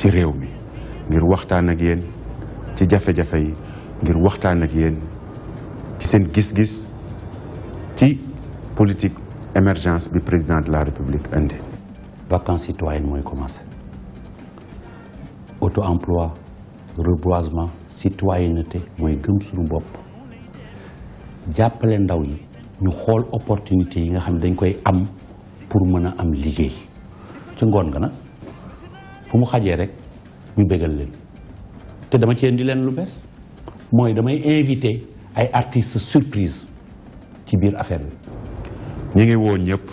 ci réew mi ngir waxtaan ak yéen ci jafe-jafe yi ngir waxtaan ak yéen ci seen gis-gis ci politique émergence bi président de la république indi vacances citoyennes mooy commencé auto emploi reboisement citoyenneté mooy gëm suñu bopp jàppale ndaw yi ñu xool opportunité yi nga xam ne dañ koy am pour mën a am liggéey ci ngoon nga nag fu mu xajee rek ñu bégal leen té dama ci indi leen lu bess moy damay inviter ay artistes surprise ci biir affaire bi. ñi ngi wo ñëpp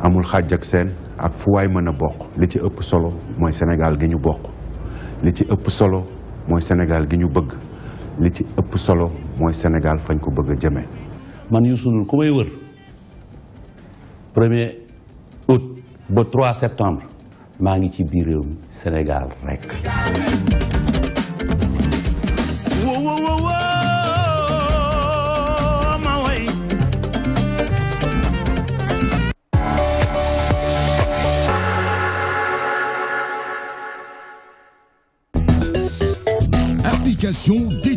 amul xajj ak seen ak fu way mëna bok li ci ëpp solo moy Sénégal gi ñu bok li ci ëpp solo moy Sénégal gi ñu bëgg li ci ëpp solo moy Sénégal fañ ko bëgg jëmé man Youssou ku may wër août ba 3 septembre. maa ngi ci biir réew Sénégal rek. application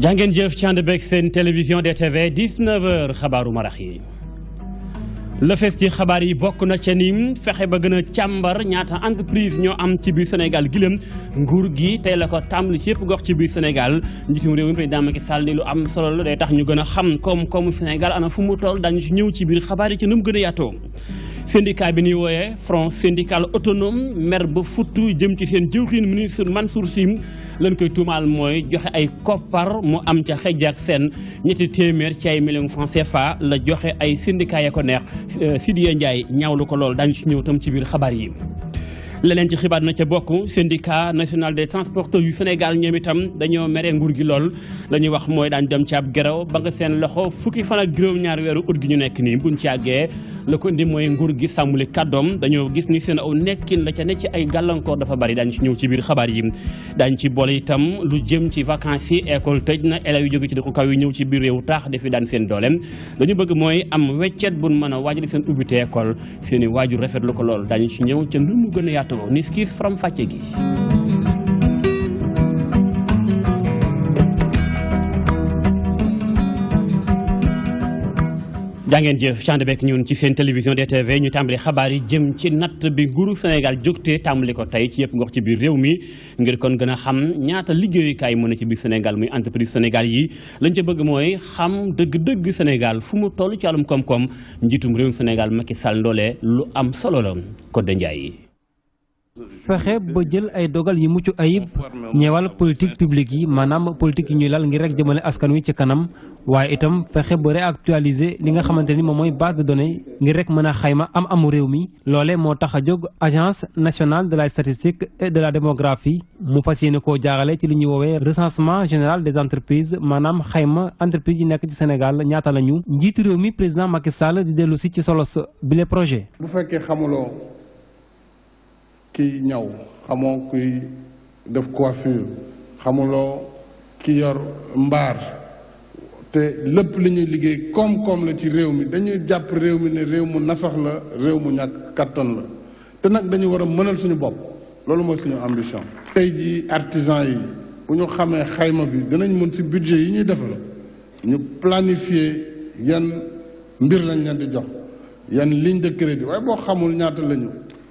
jàngeen jëf ci ànd beeg seen télévision DTV 19h xabaaru marax yi la fees ci xabaar yi bokk na ca ni fexe ba gën a càmbar ñaata entreprise ñoo am ci biir Sénégal giléem nguur gi tey la ko tàmbali ci yëpp gox ci biir Sénégal njiitum réew mi président Macky Sall ni lu am solo la day tax ñu gën a xam koom-koomu Sénégal ana fu mu tool daañu ci ñëw ci biir xabaar yi ci nu mu gën yaatoo syndicat bi ñuy wooyee front syndical autonome mer ba futtu jëm ci seen jëwriñ ministre Mansour Sy lañ koy tuumaal mooy joxe ay koppar mu am ca xëj seen ñetti téeméer ci ay millions francs CFA la joxe ay syndicat ya ko neex euh, Sidya Ndiaye ñaawlu ko lool daañu ci ñëw tam ci biir xabaar yi. leneen ci xibaat na ca bokk seen syndicat national des transporteurs yu Sénégal ñoom itam dañoo mere nguur gi lool la ñuy wax mooy daan dem ci ab geraw ba nga seen loxo fukki fan ak juróom-ñaar weeru ut gi ñu nekk nii buñ ci àggee la ko indi mooy nguur gi sàmmuli kàddoom dañoo gis ni seen nekkin la ca ne ci ay gàllankoor dafa bari daañu ci ñëw ci biir xabaar yi daañ ci boole itam lu jëm ci vacances yi école tëj na élèves yu jóge ci dëkku kaw yi ñëw ci biir réewu taax defi daan seen dooleem dañu bëgg mooy am weccet buñ mën a waajali seen ubbite école seeni i waajur rafetlu ko lool daañu ci ñëw cen nu mu gën a yaatu yaatoo fàcce gi jàngeen jëf cand beek ñun ci seen télévision DTV ñu tàmbali xabaar yi jëm ci natt bi nguuru Sénégal jógtee tàmbali ko tey ci yëpp ngox ci biir réew mi ngir kon gën a xam ñaata liggéeyukaay mën a ci biir Sénégal muy entreprise Sénégal yi lañ ca bëgg mooy xam dëgg-dëgg Sénégal fu mu toll ci wàllum koom-koom njiitum réewum Sénégal Macky Sall ndoole lu am solo la Codé Ndiaye fexe ba jël ay dogal yi mucc ayib ñeewal politique publique yi maanaam politique yi ñuy lal ngir rek jëmale askan wi ci kanam waaye itam fexe ba réactualiser li nga xamante ni moom mooy base de données ngir rek mën a xayma am amu réew mi loole moo tax a jóg agence nationale de la statistique et de la démographie mu fas yéene koo jaarale ci li ñuy woowee recensement général des entreprises maanaam xayma entreprise yi nekk ci Sénégal ñaata lañu njiitu réew mi président Macky Sall di dellu ci solos projet bu kiy ñaw xamoo kuy def coiffure xamuloo ki yor mbaar te lépp li ñuy liggéey koom-koom la ci réew mi dañuy jàpp réew mi ne réew mu nasax la réew mu ñàkk kattan la te nag dañu war a mënal suñu bopp loolu mooy suñu ambition. tey jii artisan yi bu ñu xamee xayma bi dinañ mën si budget yi ñuy def la ñu planifier yan mbir lañ leen di jox yan liñ de crédit waaye boo xamul ñaata lañu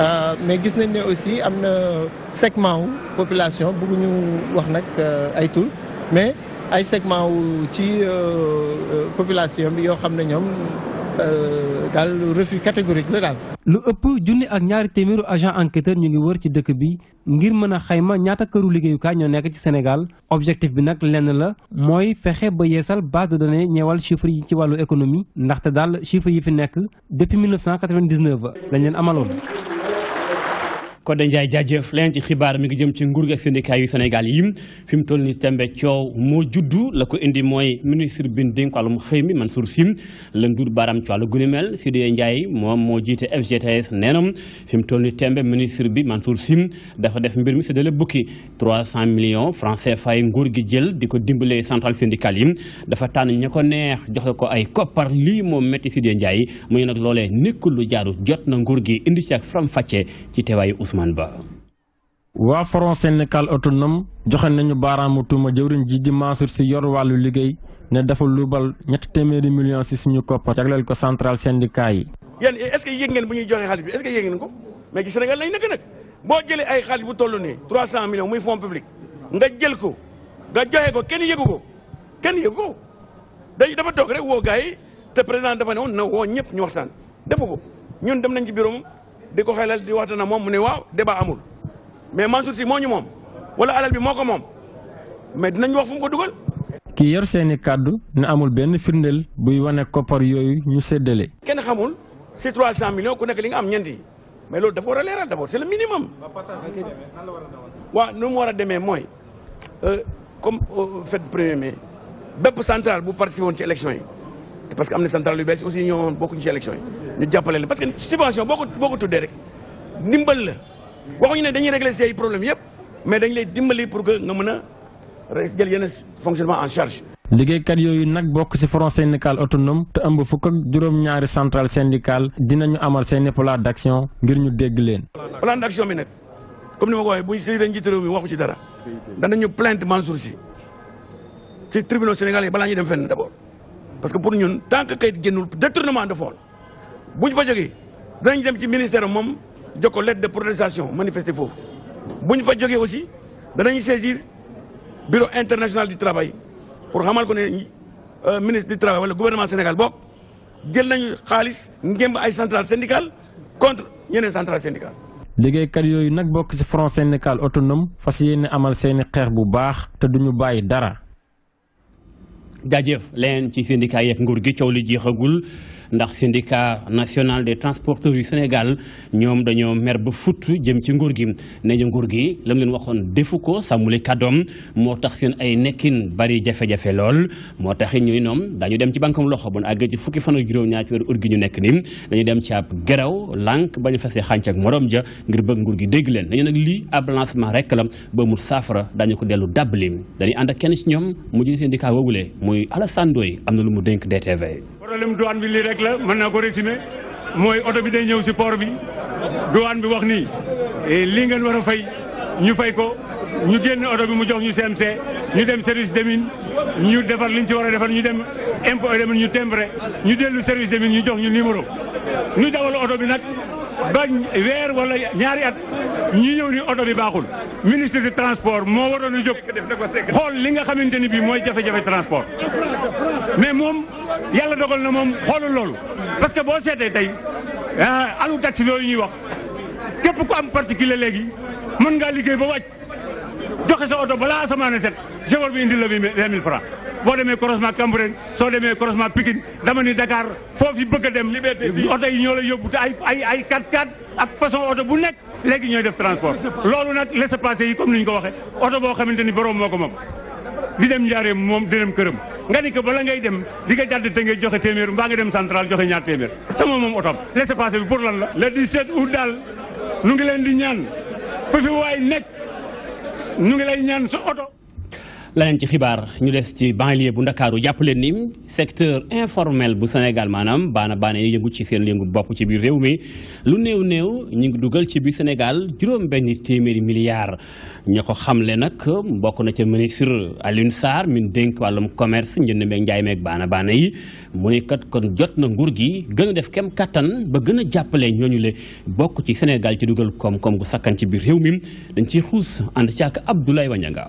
Euh, mais gis nañ ne aussi am na segment wu population ñu wax nag euh, ay tur mais ay segment wu ci euh, population bi yoo xam ne ñoom daal refus catégorique la daal. lu ëpp junni ak ñaari téeméeru agent enquêteur ñu ngi wër ci dëkk bi ngir mën a xayma ñaata këru liggéeyukaay ñoo nekk ci Sénégal objectif bi nag lenn la mooy fexe ba yeesal base de données ñeewal chiffres yi ci wàllu économie ndaxte daal chiffres yi fi nekk depuis 1999 lañ leen amaloon. Codé Ndiaye jaajëf leneen ci xibaar mi ngi jëm ci nguur gi ak syndicat yu Sénégal yi fi mu toll nii tembe coow moo juddu la ko indi mooy ministre bi dénk wàllum xëy mi Mansour Sy la nduur baaraam ci wàllu guni mel Sidé moom moo jiite FGTS nee na fi mu toll nii tembe ministre bi Mansour Sy dafa def mbir mi séddale bukki 300 millions francs CFA nguur gi jël di ko dimbalee central syndical yi dafa tànn ña ko neex jox ko ay koppar lii moom métti Sidé Ndiaye mu ne nag loolee nekkul lu jaaru jot na nguur gi indi ci ak faram ci teewaayu Ousmane Ba. waa front syndical autonome joxe nañu baaraamu tuuma jëwriñ ji di Mansour Sy yor wàllu liggéey ne dafa luubal ñetti téeméeri million si suñu koppar jagleel ko central syndicat yi. yéen est-ce que yëg ngeen bu ñuy joxe xaalis bi est-ce que yëg ngeen ko mais ci Sénégal lañ nekk nag boo jëlee ay xaalis bu toll nii 300 millions muy fonds public nga jël ko nga joxe ko kenn yëgu ko kenn yëgu ko day dafa toog rek woo gars yi te président dafa ne woon na woo ñëpp ñu waxtaan defu ko ñun dem ci bureau di ko xelal di waxtaan na moom mu ne waaw débat amul mais Mansour Sy moo ñu moom wala alal bi moo ko moom mais dinañ wax fu ko dugal. ki yor seeni kàddu ne amul benn firndeel buy wane koppar yooyu ñu seddale kenn xamul si 300 millions ku nekk li nga am ñeenti mais loolu dafa war a leeral d'abord c'est le minimum. waa nu mu war a demee mooy euh, comme euh, fête premier mai bépp centrale bu participé woon ci élection yi. parce que am na central yu bees aussi ñoo bokkuñ ci élection yi ñu jàppale leen parce que subvention boo ko boo ko tuddee rek ndimbal la waxuñu ne dañuy régler say problème yëpp mais dañ lay dimbali pour que nga mën a jël yenn fonctionnement en charge. liggéeykat yooyu nag bokk ci front syndical autonome te ëmb fukk ak juróom-ñaari central syndical dinañu amal seeni plan action ngir ñu dégg leen. plan d'action bi nag comme ni ma ko waxee bu si dañ jiite réew mi waxu ci dara danañu plainte Mansour Sy ci tribunal sénégalais balaa ñuy dem fenn d'abord. parce que pour nous, tant que nous, un détournement de fonds si nous faire ministère de de protestation manifester nous aussi saisir bureau international du travail pour xamal euh, ministre du travail le gouvernement Sénégal nous jël nañu contre syndicale. centrale syndical autonome jaajëf leen ci syndicat yeeg nguur gi coow li jeexagul ndax syndicat national des transporteur yu Sénégal ñoom dañoo mer ba futt jëm ci nguur gi nee ñu nguur gi lam leen waxoon defu ko sàmmuli kaddoom moo tax seen ay nekkin bari jafe-jafe lool moo tax it ñuy ñoom dañu dem ci banqam loxo bon àggee ci fukki fan ak juróom ñaar ci weeru ut ñu nekk ni dañu dem ci ab geraw lànk ba ñu fesee xànc ak morom ja ngir bëgg nguur gi dégg leen dañu nag lii ab lancement rek la ba mu saafara dañu ko dellu dàbbali dañuy ànd ak kenn ci ñoom mu jël syndicat woogule muy Alassane Ndoye am na lu mu dénk DTV problème douane bi naa ko résumer mooy oto bi day ñëw si port bi douane bi wax nii eh, lii ngeen war a fay ñu fay ko ñu génn oto bi mu jox ñu CMC ñu dem service des ñu defar liñ ci war a defar ñu dem impôt et domaine ñu timbré ñu dellu service des ñu jox ñu numéro ñu dawal oto bi nag. ba weer wala ñaari at ñi ñëw ni oto bi baaxul ministre du transport moo waroon a jóg xool li nga xamante ni bii mooy jafe-jafe transport mais moom yàlla dogal na moom xoolul loolu parce que boo seetee tey ah, alu taxi yooyu ñuy wax képp ku am particulier léegi mën ngaa liggéey ba wàcc joxe sa oto balaa asamaan a set chauffeur bi indi la bi 2000 francs boo demee croisement Cambérène soo demee croisement Pikine dama ni Dakar foo fi bëgg a dem liberté bi oto yi ñoo lay yóbbu te ay ay ay 4x4 ak façon oto bu nekk léegi ñooy def transport loolu nag laissez-passer yi comme ni ko waxee oto bo xamante borom moo ko di dem njaareem moom di dem këram nga ni ko bala ngay dem di nga jàdd te ngay joxe téeméer mbaa nga dem central joxe ñaar téeméer te mom moom otoom laissez-passer bi pour lan la le 17 août daal nu ngi leen di ñaan nu ngi lay ñaan sa oto laneen ci xibaar ñu des ci banlieue bu ndakaaru jàpp leen ni secteur informel bu Sénégal maanaam baana baana yi yëngu ci seen yëngut bopp ci biir réew mi lu néew néew ñu ngi dugal ci biir Sénégal juróom benn téeméeri milliards ña ko xamle nag mbokk na ca ministre Alioune Sarr min dénk wàllum commerce njënd meeg njaay meeg baana baana yi mu ne kat kon jot na nguur gi gën a def kem kattan ba gën a jàppale ñooñu le bokk ci Sénégal ci dugal koom-koom gu sakkan ci biir réew mi dañ ciy xuus ànd ci ak Abdoulaye Wanyanga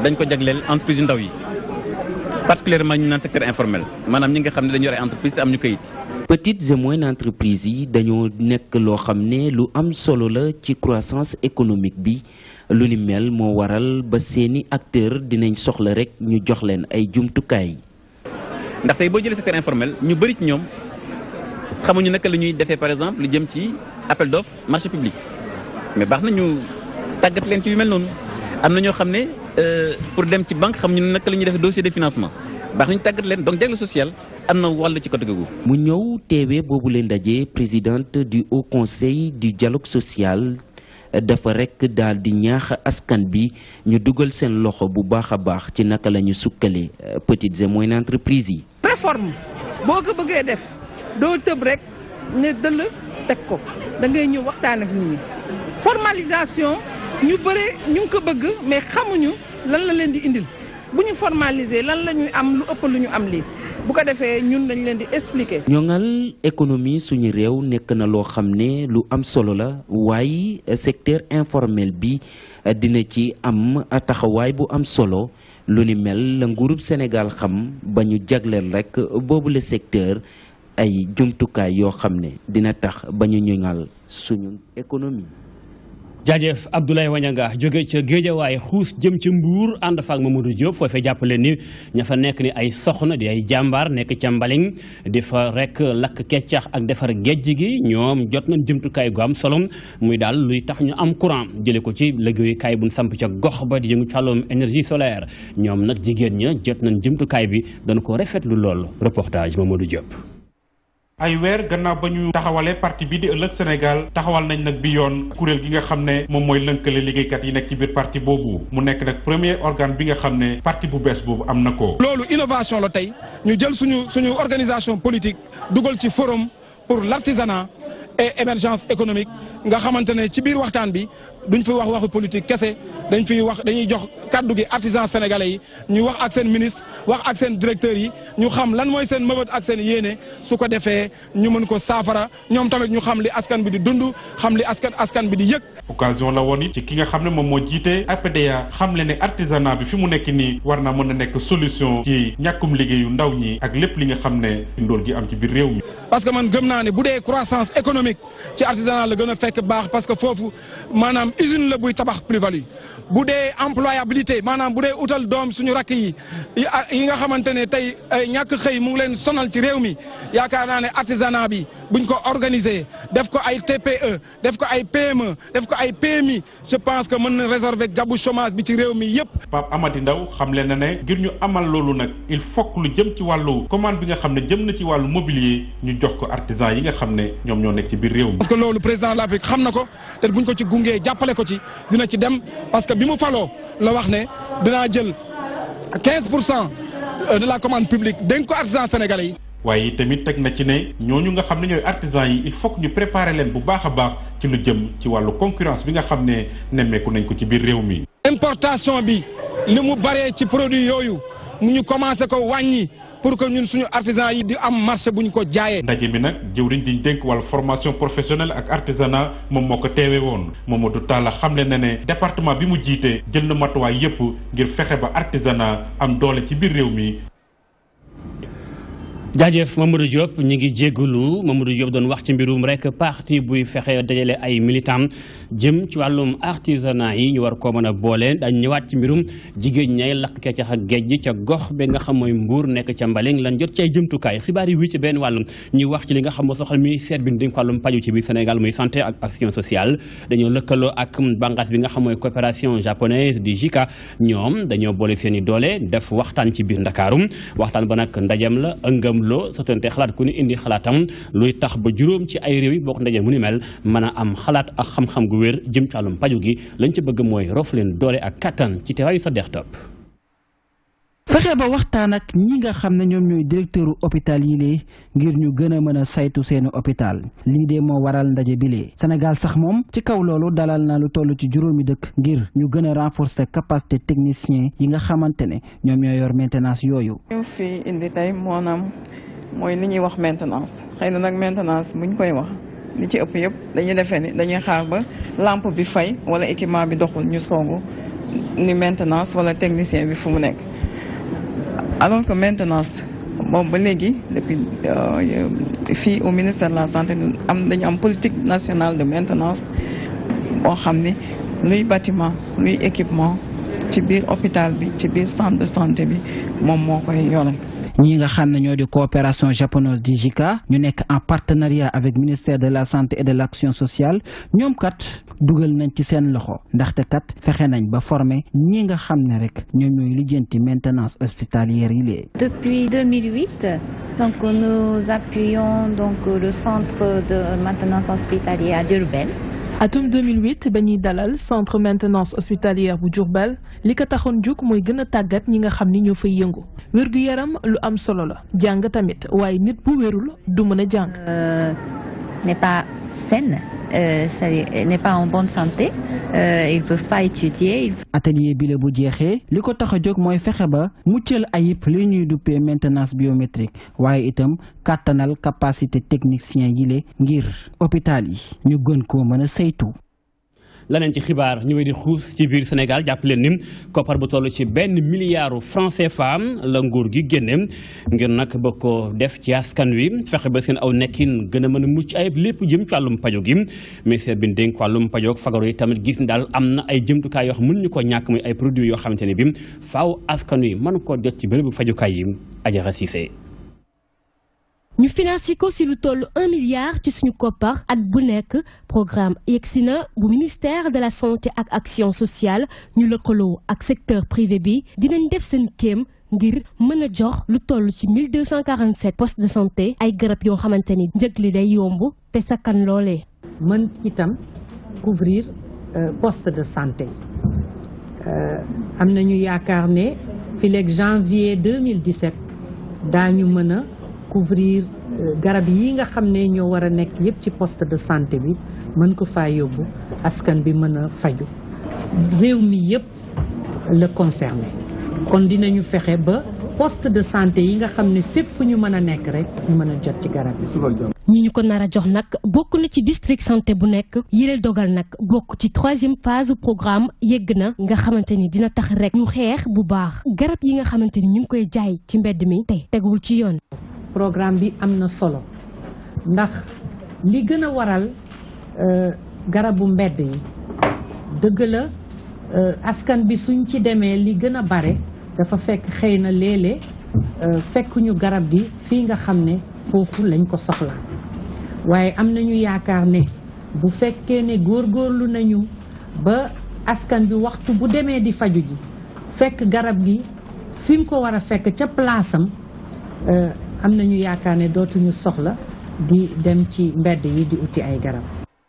dañ ko jagleel entreprise ndaw yi particulièrement ñu naan secteur informel maanaam ñi nga xam ne dañu yore entreprise am ñu kayit. petites et moyennes entreprises yi dañoo nekk loo xam ne lu am solo la ci croissance économique bi lu ni mel moo waral ba seeni acteur dinañ soxla rek ñu jox leen ay jumtukaay. ndax tey boo jëlee secteur informel ñu bëri ci ñoom xamuñu naka la ñuy defee par exemple lu jëm ci appel d'offre marché public mais baax na ñu tàggat leen ci yu mel noonu am na ñoo xam ne euh, pour dem ci banque xam ñu ne naka def dossier de financement bax ñu tàggat len donc jagle social amna na ci côté googu. mu ñew tv bobu len dajé présidente du haut conseil du dialogue social dafa rek dal di ñaax askan bi ñu duggal seen loxo bu baaxa baax ci naka lañu ñu sukkale euh, petites et moyennes entreprises yi. réforme boo ko def do teub rek. ne dëll teg ko da ñëw waxtaan ak nit formalisation ñu bëre ñu ngi ko bëgg mais xamuñu lan la leen di indil bu ñu formaliser lan la am lu ëpp lu am lii bu ko defee ñun dañ leen di expliquer. ñoŋal économie suñu réew nekk na loo xam ne lu am solo la waaye secteur informel bi eh, dina ci am taxawaay bu am solo lu ni mel la nguurub Sénégal xam ba ñu jagleel rekk boobu le secteur. ay jumtukaay yoo xam ne dina tax ba ñu ñuŋal suñu économie. jaajëf Abdoulaye Wañanga jóge ca Géejawaay xuus jëm ca Mbuur ànd faak ma Diop foofee jàpp leen ni ña fa nekk ni ay soxna di ay jàmbaar nekk ca Mbaling di fa rek lakk keccax ak defar géej ñoom jot nañ jumtukaay gu am solo muy daal luy tax ñu am courant jële ko ci liggéeyukaay bu samp ca gox ba di yëngu ci wàllum énergie solaire ñoom nag jigéen ña jot nañ jumtukaay bi dana ko rafetlu lool reportage Mamadou Diop. ay weer gannaaw ba ñu taxawalee parti bi di ëllëg Sénégal taxawal nañ nag bi yoon kuréel gi nga xam ne moom mooy lënkale liggéeykat yi nekk ci biir parti boobu mu nekk nag premier organe bi nga xam ne parti bu bees boobu am na ko. loolu innovation la tey ñu jël suñu suñu organisation politique dugal ci forum pour l'artisanat et émergence économique nga xamante ne ci biir waxtaan bi duñ fi wax waxu politique kese dañ fiy wax dañuy jox kaddu gi artisan sénégalais yi ñu wax ak seen ministre wax ak seen directeurs yi ñu xam lan mooy seen mëbët ak seen yéene su ko defee ñu mën ko saafara ñoom tamit ñu xam li askan bi di dund xam li askan askan bi di yëg. occasion la woon ci ki nga xam ne moom moo jiite APDA xam le ne artisanat bi fi mu nekk nii war naa mën a nekk solution ci ñàkkum liggéeyu ndaw ñi ak lép li nga xam ne ndóol gi am ci biir réew mi. parce que man gëm a maanaam usine la buy tabax plus-value bu dee employabilité maanaam bu dee utal doom suñu rakk yi yi nga xamante ne tey ñàkk xëy mu leen sonal ci réew mi yaakaar naa ne artisanat bi buñ ko organiser def ko ay TPE def ko ay PME def ko ay PMI je pense que mën na résorber gabu chômage bi ci réew mi yépp Pape Amady Ndaw xamle na ne ngir ñu amal loolu nag il faut lu jëm ci wàllu commande bi nga xam ne jëm na ci wàllu mobilier ñu jox ko artisan yi nga xam ne ñoom ñoo nekk ci biir réew mi. parce que loolu président de la République xam na ko te buñ ko ci gungee jàppale ko ci dina ci dem parce que bi mu faloo la wax ne dinaa jël 15 pour cent de la commande publique dénk ko artisan sénégalais yi waaye tamit teg na ci ne ñooñu nga xam ne ñooy artisans yi il faut que ñu préparer leen bu baax a baax ci lu jëm ci wàllu concurrence bi nga xam ne nemmeeku nañ ko ci biir réew mi. importation bi li mu baree ci produit yooyu mu ñu commencé ko wàññi. pour que ñun suñu artisan yi di am marché bu ñu ko jaayee. ndaje bi nag jëwriñ di dénk wàllu formation professionnelle ak artisanat moom moo ko teewee woon Mamadou Talla xamle na ne département bi mu jiite jël na matuwaay yépp ngir fexe ba artisanat am doole ci biir réew mi. jaajëf Mamadou Diop ñu ngi jégalu Mamadou Diop doon wax ci mbirum rek parti buy fexe dajale ay militant jëm ci wàllum artisanat yi ñu war koo mën a boole da ñëwaat ci mbirum jigéen ñay lakk ca cax ak géej ca gox bi nga xam mooy mbuur nekk ca lan jot ci jëmtukaay xibaar yi wii ci benn wàllum ñuy wax ci li nga xam moo soxal ministère bi dénk wàllum paju ci biir Sénégal muy santé ak action sociale dañoo lëkkaloo ak bànqaas bi nga xam mooy coopération japonaise du JICA ñoom dañoo boole seen i doole def waxtaan ci biir Ndakaarum waxtaan ba nag ndajem la ëngam loo loo sotonte xalaat ku nu indi xalaatam luy tax ba juróom ci ay réew yi bokk ndaje mu ni mel mën a am xalaat ak xam-xam gu wér jëm ci wàllum paju gi lañ ci bëgg mooy rof leen doole ak kattan ci teewaayu sa dex topp fexe ba waxtaan ak ñi nga xam ne ñoom ñooy directeuru hôpital yi lee ngir ñu gën a mën a saytu seeni hôpital lii de moo waral ndaje bi lee Sénégal sax moom ci kaw loolu dalal naa lu toll ci juróomi dëkk ngir ñu gën a renforcer capacité technicien yi nga xamante ne ñoom ñoo yor maintenance yooyu. ñu fi indi tey naam mooy li ñuy wax maintenance xëy na nag maintenance buñ koy wax. li ci ëpp yëpp dañuy defee ni dañuy xaar ba lampe bi fay wala équipement bi doxul ñu songu ni maintenance technicien bi fu mu alors que maintenance bon, ba depuis le euh, au ministère de la santé nous avons une politique nationale de maintenance pour xam ni bâtiments, bâtiment équipements, équipement ci biir hôpital centre de santé bi quoi, ñi nga xamné ñoo di coopération japonaise di JICA ñu nekk en partenariat avec ministère de la santé et de l'action sociale ñom kat duggal nañ ci seen loxo ndaxte kat fexé nañ ba former ñi nga xamné ont rek ñoom ñoy maintenance hospitalière yi depuis 2008 donc nous appuyons donc le centre de maintenance hospitalière à atum 2008 ba dalal centre maintenance hospitalière bu Diourbel li ko taxoon jóg tagat gën nga ni fay yëngu wérgu yaram lu am solo la jang tamit waye nit bu wérul du mëna jang euh, n'est pas saine. Euh, euh, n'est pas en bonne santé euh, il ne peut pas étudier. atelier bi le côté de moi ko tax a jóg mooy fexe maintenance biométrique waaye itam Katanal, capacité technicien yi le ngir hôpital nous ñu gën tout. laneen ci xibaar ñu wéy di xuus ci biir Sénégal jàpp leen ni koppar bu toll ci benn milliard franc CFA la nguur gi génne ngir nag ba ko def ci askan wi fexe ba seen aw nekkin gën a mën a mucc ayib lépp jëm ci wàllum pajo gi ministère bi dénk wàllum pajoog fagaru yi tamit gis ni daal am na ay jëmtukaay yoo xam mën ñu ko ñàkk muy ay produits yoo xamante ne bi faaw askan wi mën koo jot ci bërëbu fajukaay yi Adjara Cissé Nous finançons ko le lu toll 1 milliard ci suñu koppar at bu programme Yexina, au ministère de la santé ak action sociale nous ñu lëkkaloo ak secteur privé bi dinañ def seen manager ngir mën a jox 1247 postes de santé ay garab yoo xamante ni njëg li day yomb te sakkan loolee. mën itam couvrir euh, postes de santé Nous euh, nañu yaakaar ne fileeg janvier 2017 daañu mën a. couvrir euh, garab yi nga xam ne ñoo war a nekk yëpp ci poste de santé bi mën ko faa yóbbu askan bi mën a faju réew mi yëpp la concerné kon ñu fexe ba poste de santé yi nga xam ne fépp fu ñu mën a nekk rek ñu mën a jot ci garab yi. ñi ñu ko nar a jox nag bokk na ci district santé bu nekk yileel dogal nag bokk ci troisième phase programme yegg na nga xamante ni dina tax rek ñu xeex bu baax garab yi nga xamante ni ñu ngi koy jaay ci mbedd mi tey teguwul ci yoon. programme bi am na solo ndax li gën a waral euh, garabu mbedd yi dëgg la euh, askan bi suñ ci demee li gën a bare dafa fekk xëy na léelée léeg euh, garab gi fii nga xam ne foofu lañ ko soxla waaye am nañu yaakaar ne bu fekkee ne góor góorlu nañu ba askan bi waxtu bu demee di faju ji fekk garab gi fi mu ko war a fekk ca palaasam am nañu yaakaar ne dootuñu soxla di dem ci mbedd yi di uti ay garab.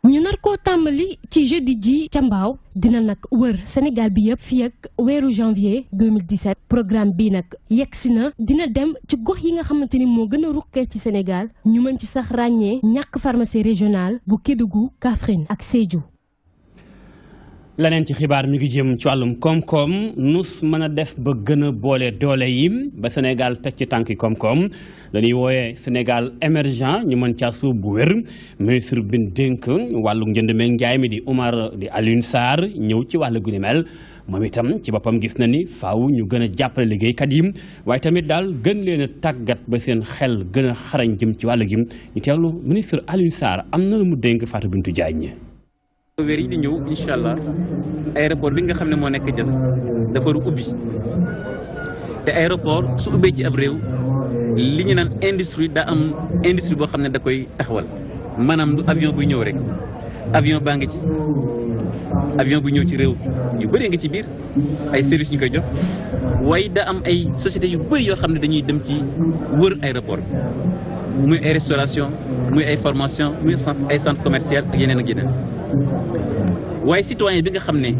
ñu nar ko tàmbali ci jeudi ji ca Mbaaw dina nag wër Sénégal bi yëpp fii ak weeru janvier 2017 programme bii nag yegg si na dina dem ci gox yi nga xamante ni moo gën a ruqee ci Sénégal ñu mën ci sax ràññee ñàkk pharmacie régionale bu Kédougou Kaffrine ak Sédhiou. leneen ci xibaar mi ngi jëm ci wàllum koom-koom nus mën a def ba gën a boole doole yi ba Sénégal te ci tànk yi koom-koom la ñuy wooyee Sénégal ñu mën caa suuf bu wér ministre bi ñu dénk wàllu njënd meeg njaay mi di Oumar di Alioune saar ñëw ci wàll gu mel moom itam ci boppam gis na ni faaw ñu gën a jàppale liggéeykat yi waaye tamit daal gën leen tàggat ba seen xel gën a xarañ jëm ci wàll gi ñu teewlu ministre aline Sarr am na lu mu dénk Fatou Bintou Diagne. weer yi di ñëw incha allah aéroport bi nga xam ne moo nekk Diass dafa ru ubbi te aéroport su ubbee ci ab réew li ñu naan industrie daa am industrie boo xam ne da koy taxawal maanaam du avion buy ñëw rek avion baa ngi ci. avion bu ñëw ci réew yu bëree nga ci biir ay service ñu koy jox waaye da am ay sociétés yu bëri yoo xam ne dañuy dem ci wër aéroport bi muy ay restauration muy ay formation muy ay sant commercial ak yeneen ak yeneen waaye citoyen bi nga xam ne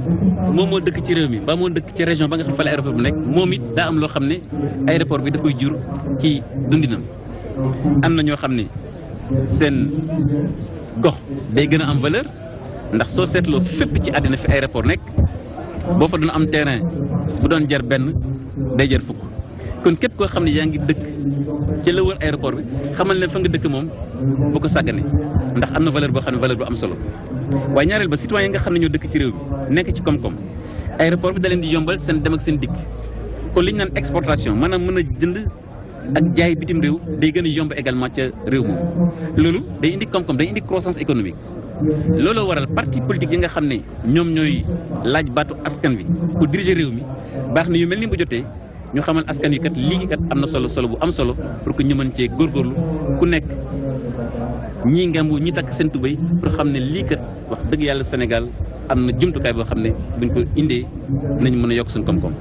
moom moo dëkk ci réew mi ba moo dëkk ci région ba nga xam fa la bi nekk moom it daa am loo xam ne aéroport bi da koy jur ci dundinam am na ñoo xam ne seen gox day gën a am valeur ndax soo seetloo fépp ci àddina fi aéroport nekk boo fa doon am terrain bu doon jar benn day jar fukk kon képp koo xam ne yaa ngi dëkk ci la wër aéroport bi xamal ne fa nga dëkk moom bu ko sàggane ndax am na valeur boo xam ne valeur bu am solo waaye ñaareel ba citoyen yi nga xam ne ñoo dëkk ci réew bi nekk ci koom-koom aéroport bi da leen di yombal seen dem ak seen dikk kon li ñu naan exportation maanaam mën a jënd ak jaay bitim réew day gën a yomb également ca réew moom loolu day indi koom-koom day indi croissance économique looloo waral parti politique yi nga xam ne ñoom ñooy laaj baatu askan wi pour diriger réew mi baax na yu mel ni bu jotee ñu xamal askan wi kat léegi kat am na solo solo bu am solo pour que ñu mën cee góorgóorlu ku nekk ñii ngembu ñi takk seen tubéy pour xam ne lii kat wax dëgg yàlla Sénégal am na jumtukaay boo xam ne buñ ko indee dinañ mën a yokk seen koom-koom.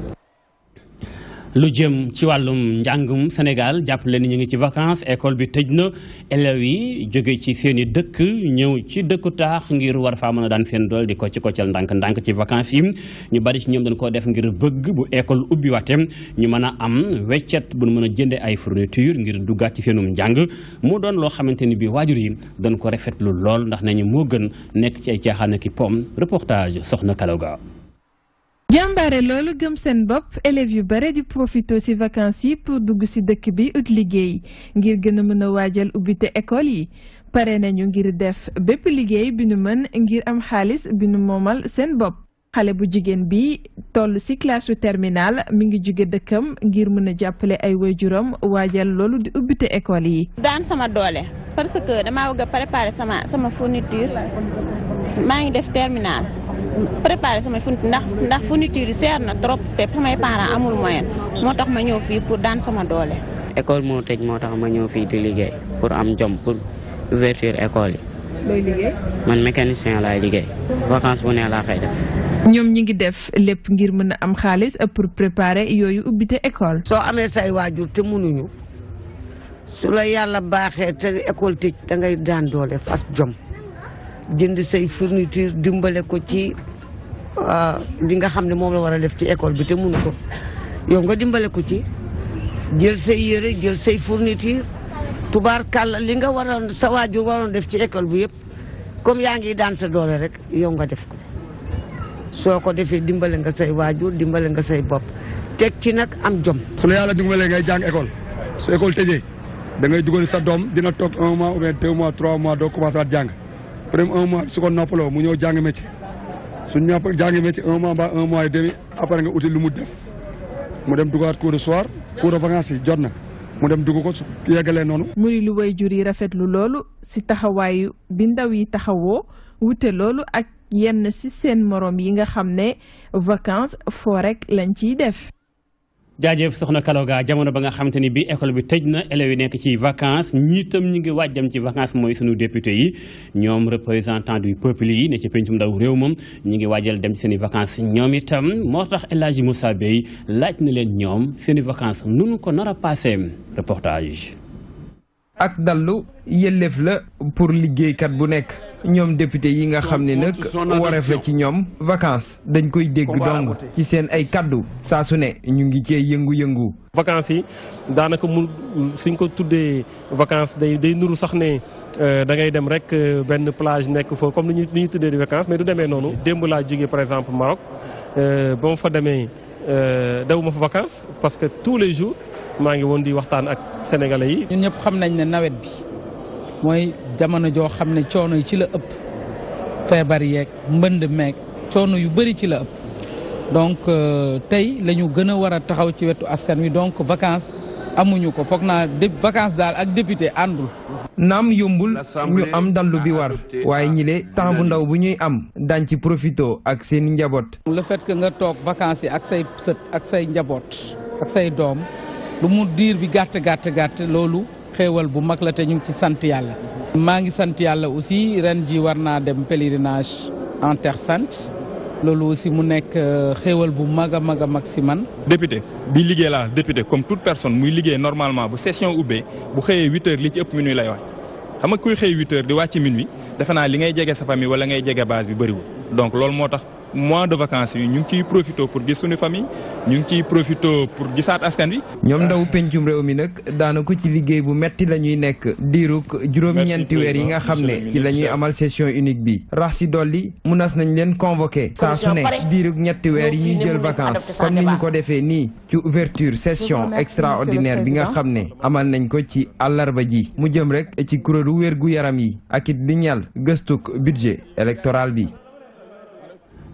lu jëm ci wàllum njàngum Sénégal jàpp leen ni ñu ngi ci vacances école bi tëj na élèves yi jóge ci seen i dëkk ñëw ci dëkku taax ngir war faa mën a daan seen dool di ko ci koccal ndànk-ndànk ci vacances yi ñu bari ci ñoom dañ koo def ngir bëgg bu école ubbi watem ñu mën a am weccet bu mën a jëndee ay fourniture ngir duggaat ci seenum njàng mu doon loo xamante ni bii waajur yi dan ko rafetlu lool ndax nañu moo gën nekk ci ay caaxaan ki pom reportage soxna Kaloga jàmbaare loolu gëm seen bopp élèves yu bare di profito ci vacance yi pour dugg ci dëkk bi ut liggéey ngir gën a mën a waajal ubbite école yi pare nañu ngir def bépp liggéey bi nu mën ngir am xaalis bi nu moomal seen bopp xale bu jigéen bi toll ci classe terminale mi ngi jóge dëkkam ngir mën a jàppale ay waajuram waajal loolu di ubbite école yi. daan sama doole parce que damaa bëgg a préparer sama sama fourniture maa ngi def terminale. préparé sama fourniture ndax ndax fourniture yi seer na trop té pour mes parents amul moyen motax ma ñëw fi pour dan sama doole. école mo tej motax ma ñëw fi di liggéey pour am jom pour ouverture école man mécanicien la liggéey. vacances bu ne la fay def. ñom ñi ngi def lepp ngir mëna am xaaliss pour préparer yoyu ubité école. so amé say wajur té mënu ñu la yalla baxé té école tëj da ngay dan doole fas jom. jënd say fourniture dimbale ko ci euh, li nga xam ne moom la war a def ci école bi te mënu ko yow nga dimbale ko ci jël say yére jël say fourniture tubaar kàll li nga war a sa waajur waroon def ci école bu yëpp comme yaa ngi daan sa doole rek yow nga def ko soo ko defee dimbale nga say waajur dimbale nga say bopp te ci nag am jom. su la yàlla dimbalee ngay jàng école su école tëjee da ngay dugal sa doom dina toog un mois ou mois trois mois doo commencé waat jàng. mu dem un mois su ko noppaloo mu ñëw jàng métier suñ ñàpp jàngi métier un mois ba un mois et demi après nga uti lu mu def mu dem dugaat cours de soir cours de vacances yi jot na mu dem dugg ko su yeggalee noonu. muy lu way jur yi rafetlu loolu si taxawaayu bi ndaw yi taxawoo wute loolu ak yenn si seen morom yi nga xam ne vacance foo rek lañ ci def. jaajëf soxna Kaloga jamono ba nga xamante ni bi école bi tëj na élèves yi nekk ci vacances ñi itam ñu ngi waaj dem ci vacances mooy sunu député yi ñoom représentant du peuple yi ne ci pencum ndaw réew moom ñu ngi waajal dem ci seen i vacances ñoom itam moo tax El Hadji Moussa laaj na leen ñoom seen i vacances nunu ko nar a passé reportage ak dallu yëlleef la pour liggéeykat bu nekk ñoom député yi nga xam ni nag wareef la ci ñoom vacance dañ koy dégg dong ci seen ay kaddu saa su ne ñu ngi cee yëngu-yëngu. vacances yi daanaka mu suñ ko tuddee vacance day day nuru sax ne euh, da ngay dem rek euh, benn plage nekk foofu comme ni ñuy tuddee di vacances mais du demee noonu. démb laa jógee par exemple Maroc euh, ba ma fa demee dawuma fa vacances parce que tous les jours maa ngi woon di waxtaan ak sénégalais yi. ñun ñëpp xam nañ ne nawet bi. mooy jamono joo xam ne coono yi ci la ëpp feebar yeeg mbënd meeg coono yu bëri ci la ëpp donc euh, tey la ñu gën a war a taxaw ci wetu askan wi donc vacances amuñu ko foog naa de vacances daal ak député àndul. naam yombul ñu am dallu bi war waaye ñi le temps bu ndaw bu ñuy am dañ ci profito ak seen njaboot. le fait que nga toog vacances yi ak say sët ak say njaboot ak say doom lu mu diir bi gàtt gàtt gàtt loolu. xéewal bu mag la te ñu ngi ci sant yàlla. maa ngi sant yàlla aussi ren ji war naa dem pèlerinage en terre sainte loolu aussi mu nekk euh, xéewal bu mag a mag a mag si man. député bi liggéey laa député comme toute personne muy liggéey normalement bu session ubbee bu xëyee huit heures li ci ëpp minuit lay wàcc xam nga kuy xëy huit heures di wàcc minuit defe naa li ngay jege sa famille wala ngay jege base bi bëriwul donc loolu moo tax. mois de vacances yi ñu ngi ciy profité pour gis suñu famille ñu ngi ciy profité pour gisaat askan wi. ñom ndaw penjum rew mi nak daanaka ci liggey bu metti lañuy nek diruk juroom ñenti wër yi nga xam ci lañuy amal session unique bi. rax si dolli munas nañ leen convoquer sa su ne diirug ñetti wër yi ñuy jël vacances comme ni ñu ko défé ni ci ouverture session extraordinaire bi nga xam amal nañ ko ci alarba ji mu jëm rek ci kuréru wër gu yaram yi ak it ñal gëstuk budget électoral bi.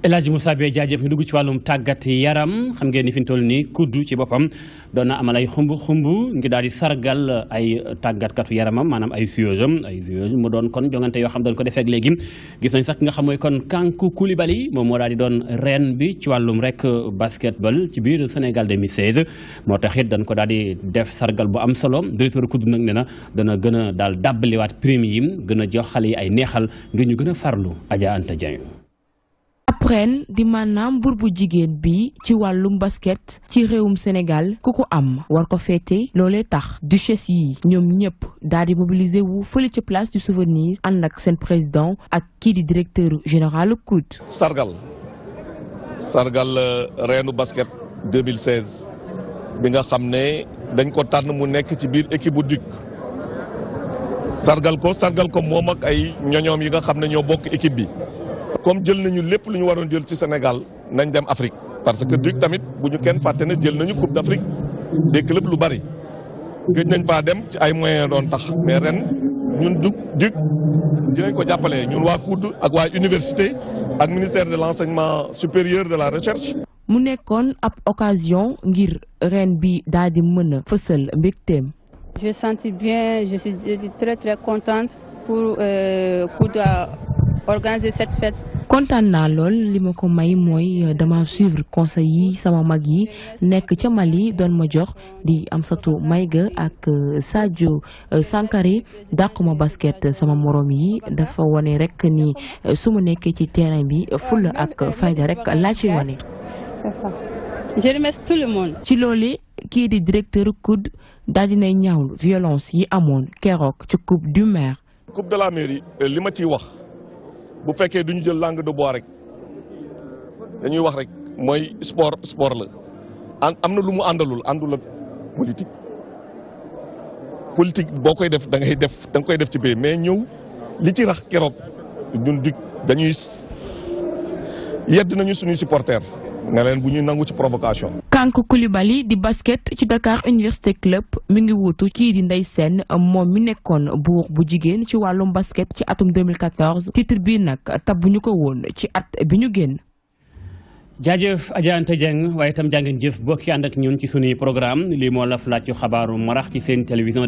El Hadj Moussa Beye dugg ci wàllum tàggat yaram xam ngeen ni fi ñu toll nii kuddu ci boppam doon na amal ay xumb xumb ngi daal di sargal ay tàggatkatu yaramam maanaam ay joueuse ay joueuse mu doon kon jongante yoo xam doon ko defee léegi gis nañ sax nga xam mooy kon Kankou Koulibaly moom moo daal doon reen bi ci wàllum rek basketball ci biir Sénégal de 2016 moo tax it dañ ko daal di def sargal bu am solo directeur kuddu nag nee na dana gën a daal dàbbaliwaat prime yi gën a jox xale yi ay neexal ngir ñu gën a farlu Adja Anta Dieng ab di manam bur bu bi ci walum basket ci réewum Sénégal ku am war ko fété lolé tax duchesse yi ñom ñëpp daal di mobiliser wu fële ci place du souvenir ànd ak président ak ki di directeur général coute sargal sargal euh, reenu basket 2016 bi nga xamné dañ ko tànn mu nekk ci biir équipe bu sargal ko sargal ko moom ak ay ñoñom yi nga xamné ño bok bokk équipe bi comme jël nañu lépp lu ñu waroon jël ci Sénégal nañ dem Afrique parce que DUC tamit bu ñu kenn fàtte ne jël nañu Coupe d'Afrique des clubs lu bari gëj nañ faa dem ci ay moyens doon tax mais ren ñun DUC DUC dinañ ko jàppale ñun waa COUD ak waa université ak ministère de l'enseignement supérieur de la recherche. mu nekkoon ab occasion ngir ren bi daal di mën a fësal mbégteem. je me sens bien je suis très très contente pour pour euh, organiser cette fête. kontaan naa lool li ko may moy euh, dama suivre conseil yi sama mag yi nek ci Mali don ma jox di Amsatou Maïga ak euh, Sadio sankari dàqu ma basket sama morom yi dafa woné rek ni suma nek ci terrain bi fulla ak fayda rek la ci woné je remercie tout le monde. ci loolee ki di directeur COUD daal dinay ñaawlu violence yi amone keroog ci coupe du maire. coupe de la mairie eh, li ma ciy wax bu fekkee duñu jël langue de bois rek dañuy wax rek mooy sport sport la am na lu mu àndalul àndul ak boo koy def da ngay def da nga koy def ci biir mais ñëw li ci rax keroog ñun dañuy yedd nañu suñuy supporters. ne leen bu ñuy nangu ci provocation. Kanku Koulibaly di basket ci Dakar Université Club mu ngi wuutu kii di Ndeye Sène moom mi nekkoon buur bu jigéen ci wàllum basket ci atum 2014 titre bii nag bu ñu ko woon ci at bi ñu génn. jaajëf Adja Anta Dieng waaye itam jàngeen jëf bokki ànd ak ñun ci sunuy programme lii moo la flaat xabaaru marax ci seen télévision.